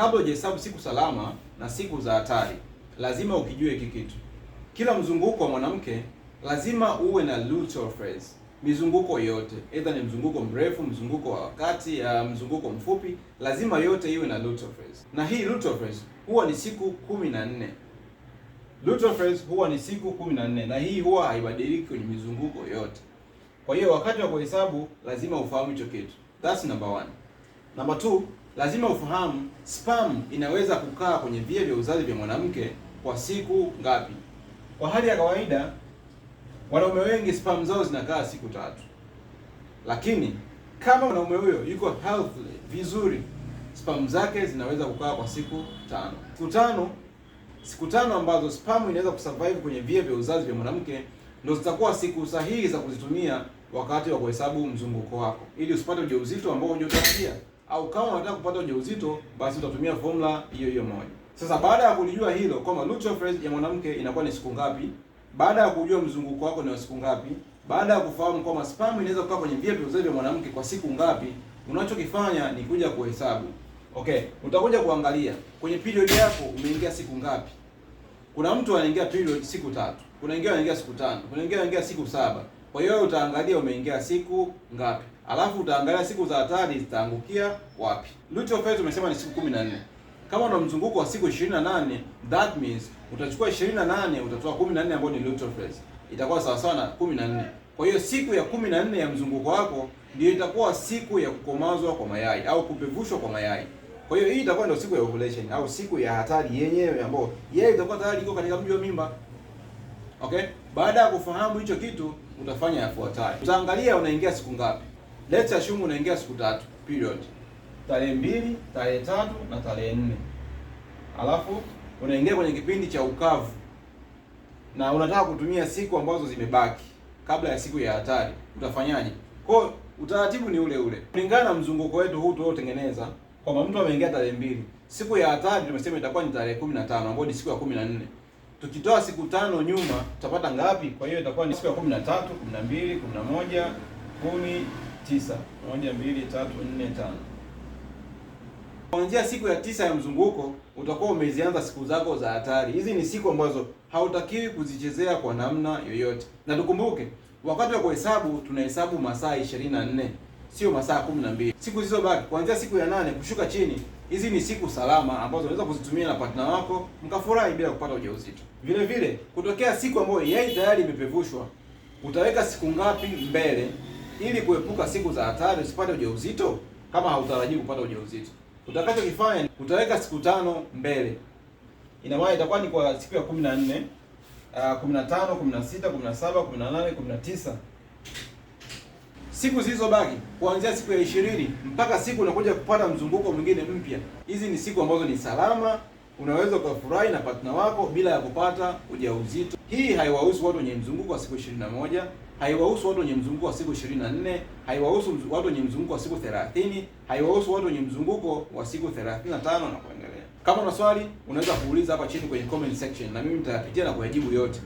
kabla hujahesabu siku salama na siku za hatari, lazima ukijue hiki kitu. Kila mzunguko wa mwanamke lazima uwe na luteal phase, mizunguko yote, either ni mzunguko mrefu, mzunguko wa wakati ya mzunguko mfupi, lazima yote iwe na luteal phase. Na hii luteal phase huwa ni siku kumi na nne. Luteal phase huwa ni siku kumi na nne, na hii huwa haibadiliki kwenye mizunguko yote. Kwa hiyo wakati wa kuhesabu lazima ufahamu hicho kitu. That's number one. Number two, lazima ufahamu spam inaweza kukaa kwenye via vya uzazi vya mwanamke kwa siku ngapi? Kwa hali ya kawaida, wanaume wengi spam zao zinakaa siku tatu, lakini kama mwanaume huyo yuko healthy vizuri, spam zake zinaweza kukaa kwa siku tano. Siku tano, siku tano ambazo spam inaweza kusurvive kwenye via vya uzazi vya mwanamke ndio zitakuwa siku sahihi za kuzitumia wakati wa kuhesabu mzunguko wako, ili usipate ujauzito ambao hujatarajia au kama unataka kupata ujauzito basi utatumia formula hiyo hiyo moja. Sasa baada ya kulijua hilo kwamba luteal phase ya mwanamke inakuwa ni siku ngapi, baada ya kujua mzunguko wako ni siku ngapi, baada ya kufahamu kwamba sperm inaweza kukaa kwenye via vya uzazi vya mwanamke kwa siku ngapi, unachokifanya ni kuja kuhesabu. Okay, utakuja kuangalia kwenye period yako umeingia siku ngapi. Kuna mtu anaingia period siku tatu, kuna wengine wanaingia siku tano, kuna wengine wanaingia siku saba. Kwa hiyo utaangalia umeingia siku ngapi alafu utaangalia siku za hatari zitaangukia wapi. Lucho phase tumesema ni siku 14. Kama una mzunguko wa siku 28, that means utachukua 28 utatoa 14 ambayo ni lucho phase. Itakuwa sawa sawa na 14. Kwa hiyo siku ya 14 ya mzunguko wako ndio itakuwa siku ya kukomazwa kwa mayai au kupevushwa kwa mayai. Kwa hiyo hii itakuwa ndio siku ya ovulation au siku ya hatari yenyewe ambayo yeye itakuwa tayari iko katika mji wa mimba. Okay? Baada ya kufahamu hicho kitu utafanya yafuatayo. Utaangalia unaingia siku ngapi. Let's assume unaingia siku tatu period, tarehe mbili, tarehe tatu na tarehe nne, alafu unaingia kwenye kipindi cha ukavu na unataka kutumia siku ambazo zimebaki kabla ya siku ya hatari, utafanyaje? Kwa utaratibu ni ule ule kulingana na mzunguko wetu huu tuliotengeneza, kwamba mtu ameingia tarehe mbili, siku ya hatari tumesema itakuwa ni tarehe 15 ambayo ni siku ya 14 tukitoa siku tano nyuma tutapata ngapi? Kwa hiyo itakuwa ni siku ya 13, 12, 11, 10 tisa moja mbili tatu nne tano. Kuanzia siku ya tisa ya mzunguko utakuwa umezianza siku zako za hatari. Hizi ni siku ambazo hautakiwi kuzichezea kwa namna yoyote, na tukumbuke, wakati wa kuhesabu tunahesabu masaa 24 sio masaa 12. Siku zilizobaki kuanzia siku ya nane kushuka chini, hizi ni siku salama ambazo unaweza kuzitumia na partner wako mkafurahi bila kupata ujauzito. Vile vile, kutokea siku ambayo yai tayari imepevushwa, utaweka siku ngapi mbele ili kuepuka siku za hatari usipate ujauzito kama hautarajii kupata ujauzito. Utakachokifanya utaweka siku tano mbele. Ina maana itakuwa ni kwa siku ya 14, uh, 15, 16, 17, 18, 19. Siku baki kuanzia siku ya 20 mpaka siku unakuja kupata mzunguko mwingine mpya. Hizi ni siku ambazo ni salama, unaweza ukafurahi na partner wako bila ya kupata ujauzito. Hii haiwahusu watu wenye mzunguko wa siku 21 haiwahusu watu wenye mzunguko wa siku 24, haiwahusu watu wenye mzunguko wa siku 30, haiwahusu watu wenye mzunguko wa siku 35 na kuendelea. Kama una swali unaweza kuuliza hapa chini kwenye comment section na mimi nitayapitia na kuyajibu yote.